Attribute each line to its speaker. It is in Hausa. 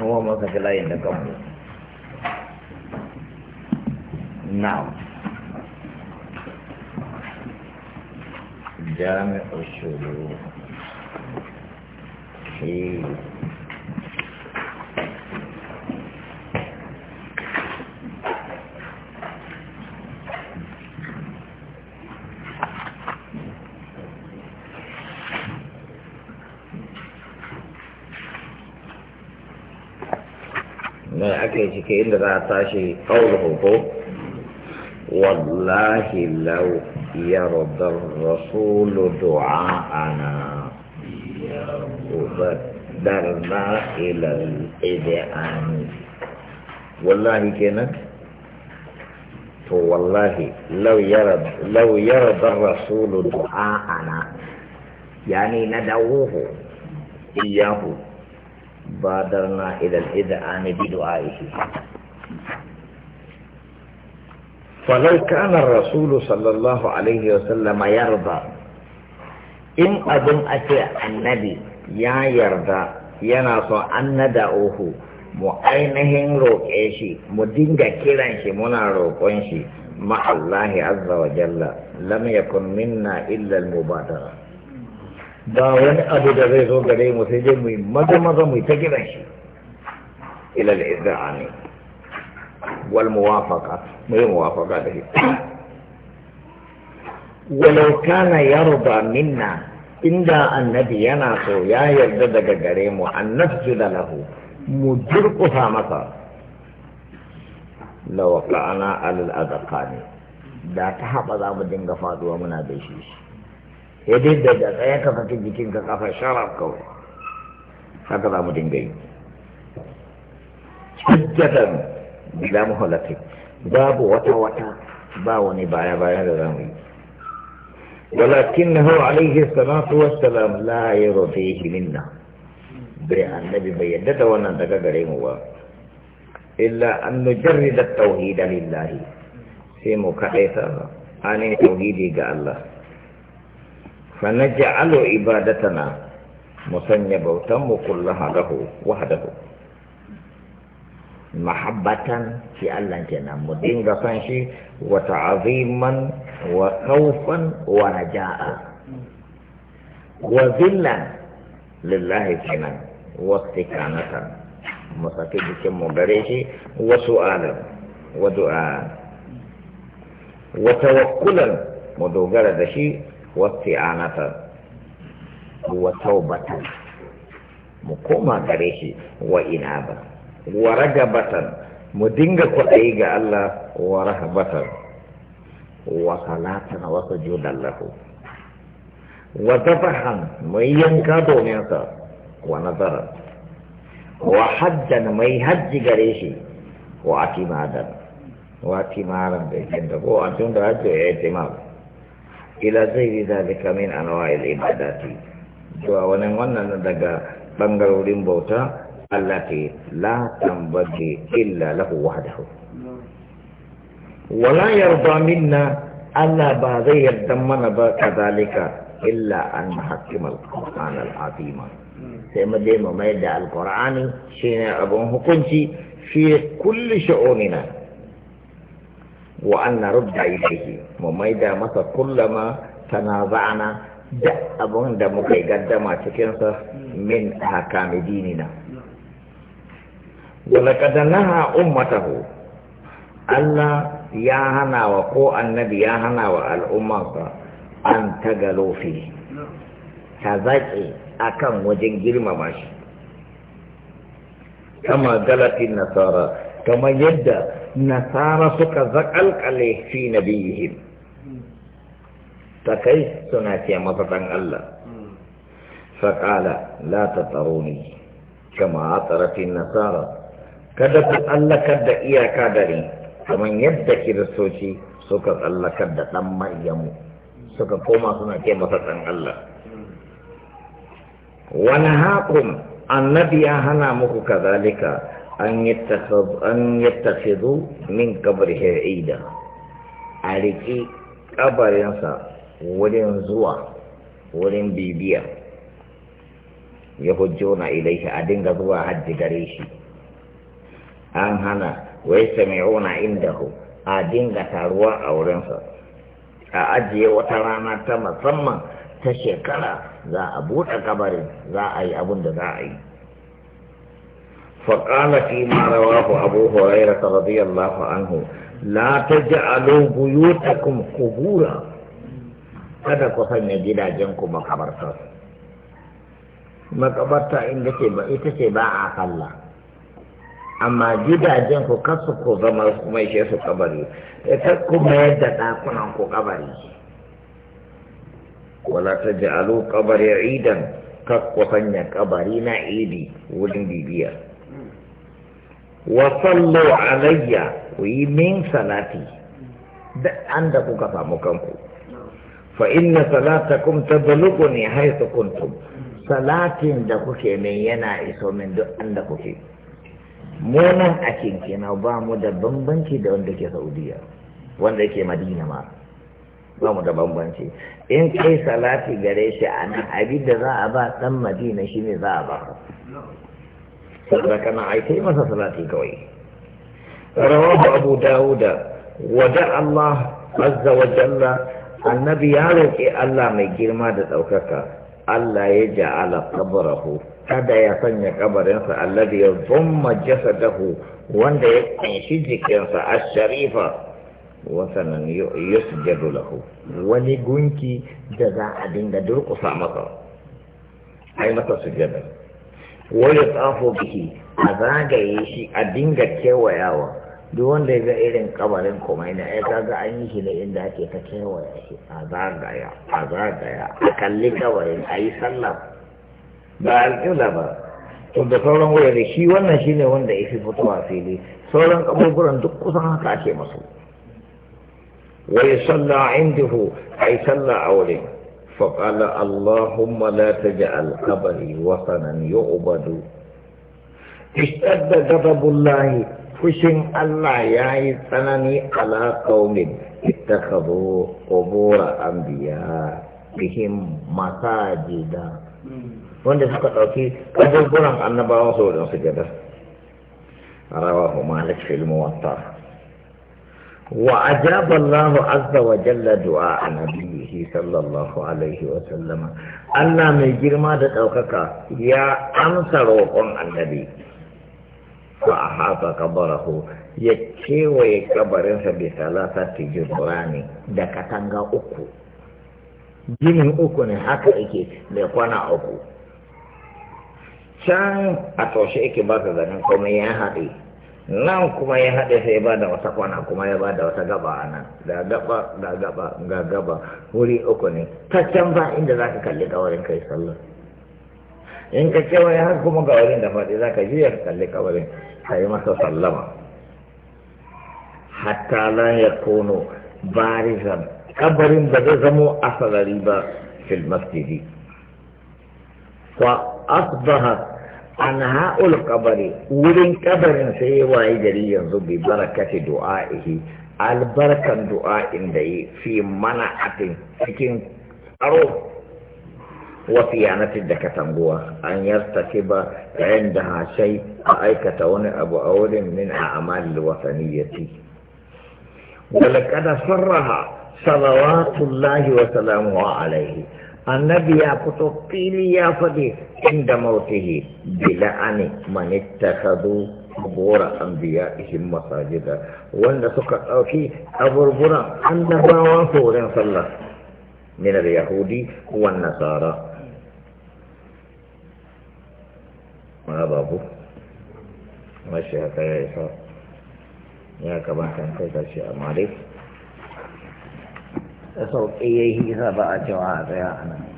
Speaker 1: Nawa masa fi layin da kanmu. Now. جامع الشذوذ في ما أكيد كإن راتاشي قوله هو والله لو يرد الرسول دعاءنا وبدرنا إلى الإذعان والله كنا والله لو يرد لو يرد الرسول دعاءنا يعني ندعوه إياه بادرنا إلى الإذعان بدعائه فلو كان الرسول صلى الله عليه وسلم يرضى إن أظن أتي النبي يا يرضى يناص أن ندعوه مؤينهن روكيشي مدينك كيرانشي منا روكونشي مع الله عز وجل لم يكن منا إلا المبادرة داون ابو دغيزو غري مسجد مي مد مد مي الى الإدعاء والموافقة مي موافقة ده ولو كان يرضى منا عند النبي انا سو يا يرضى دغ غري مو نسجد له مجركها مثلا لو فعلنا على الاذقان لا تحب ذا مدين غفاد ومنا بيشيش sai dai da da tsaye ka faki jikin ka kafa sharaf kawai haka za mu dinga yi hujjatan da mu halatta babu wata wata ba wani baya baya da zamu yi walakinahu alayhi salatu wassalam la yurdihi minna bai annabi bai yadda da wannan daga gare mu ba illa an nujarrid at-tauhid lillahi sai mu kaɗaita anin tauhidi ga Allah fana ji alo ibadatana musanya bautan mu kullaha lahu wahdahu mahabbatan fi Allah kenan mu dinga san shi wa ta'ziman wa khawfan wa raja'a wa zillan lillahi kenan wa mu sake jikin gare shi wa su'alan wa du'a wa tawakkulan mu dogara da shi wata anata wa taubatan mu koma gare shi wa inaba wa ragabatan mu dinga kwaɗayi ga Allah wa rahabatan wa na wasu sujudan lahu wa dafahan mai yanka domin sa wa nazara wa hajjan mai hajji gare shi wa atimadan wa atimaran da yake da ko a tun da hajji ya yi إلى غير ذلك من أنواع العبادات وأنا وانا دقا بنغلو التي لا تنبغي إلا له وحده ولا يرضى منا ألا باغي يدمنا كذلك إلا أن نحكم القرآن العظيم سيما ديما ما القرآن شيء أبوه في كل شؤوننا wa an narudda ilayhi mu da masa kullama tanaza'ana da abun da muka yi gaddama cikin min ahkami dinina walaqad naha ummatahu Allah ya hana wa ko annabi ya hana wa al'ummarsa an tagalo fi ta zaƙe akan wajen girmama shi kama galatin nasara kamar yadda nasara suka zakalkale fi nabiyihim ta kai suna ce masa Allah faƙala la ta tsaro ni kama a tsarafin nasara kada ku tsallakar da iyaka dare kamar yadda kiristoci suka tsallakar da ɗan maryamu suka koma suna ce masa Allah wani haƙun annabi ya hana muku kazalika an yi tafidu min qabrihi ida a riƙi ƙabarinsa wurin zuwa wurin bibiya ya hujjona ilaihi a dinga zuwa hajji gare shi an hana wai inda indahu a dinga taruwa a wurinsa a ajiye wata rana ta musamman ta shekara za a buɗe kabarin za a yi abun da za a yi فقال فيما رواه أبو هريرة رضي الله عنه لا تجعلوا بيوتكم قبورا kada ku sanya gidajenku makabarta makabarta inda ce ba ita ce ba a kalla amma ku kasu ku zama kuma ishe su kabari ita kuma yadda ɗakunan ku kabari wala ta alu kabari idan ku sanya kabari na idi wurin bibiya wa alayya ku yi min salati da an da kuka samu kanku fa inna salatakum tablughuni haythu kuntum salatin da kuke min yana iso min duk an da kuke mu nan a kinkina ba mu da bambanci da wanda ke saudiya wanda ke madina ma ba mu da bambanci in kai salati gare shi a nan abin da za a ba dan madina shine za a ba فذكرنا عيسى ما صلاتي كوي رواه أبو داود ودع الله عز وجل النبي يعرف Allah mai girma da كاكا Allah ya ja'ala qabrahu kada ya sanya kabarinsa alladhi yadhumma jasadahu wanda ya kunshi jikinsa ash-sharifa wa sanan yusjadu lahu wani gunki da za a dinga durƙusa masa ai masa sujada wani tsafo biki a zagaye shi a dinga kewayawa duk wanda ya ga irin kabarin komai na ya zaga an yi shi ne inda ake ta kewaya shi a zagaya a zagaya a kalli kabarin a yi sallah ba alƙibla ba to da sauran da shi wannan shi ne wanda ya fi fitowa fili sauran abubuwan duk kusan haka ake masu wai sallah a ai sallah a wurin فقال اللهم لا تجعل قبري وطنا يعبد اشتد غضب الله فشن الله يا سنني على قوم اتخذوا قبور انبياء بهم مساجدا wanda suka ɗauki ƙasurburan annabawa sau da sujada rawahu malik fil muwatta wa ajaba Allah azza wa jalla du'a annabiyi Allah mai girma da ɗaukaka ya amsa roƙon annabi wa ahaba kabarahu ya ce wa ya kabarin sa bi salasa ti jurani da katanga uku jinin uku ne haka yake mai kwana uku can a toshe yake ba ka ganin komai ya haɗe nan kuma ya haɗe sai ya bada wata kwana kuma ya bada wata gaba a nan da gaba ga gaba ga gaba wuri uku ne ta can ba inda za ka kalli kawarin kai sallah in ka kewaye har kuma wurin da faɗi za ka ya ka kalli kawarin ka yi masa sallama hatta la ya kono barizan kabarin ba zai zamo asalari ba fil masjidi fa asbahat عنها القبر ولن قبر في وعيد لي ببركة دعائه البركة دعاء دي في منعة فكين أرو وفي عنا تدك تنقوة أن يرتكب عندها شيء أيك تون أبو أول من أعمال الوثنية ولقد صرها صلوات الله وسلامه عليه annabi ya fito fili ya faɗi inda mautihi bila'ani man ittakhadhu qubura anbiya'ihim masajida wanda suka dauki kaburburan annabawan wurin sallah min al-yahudi wan nasara ma babu mashi haka ya isa ya kamata kai a malik da sauƙi ya yi ba a cewa a tsaya a nan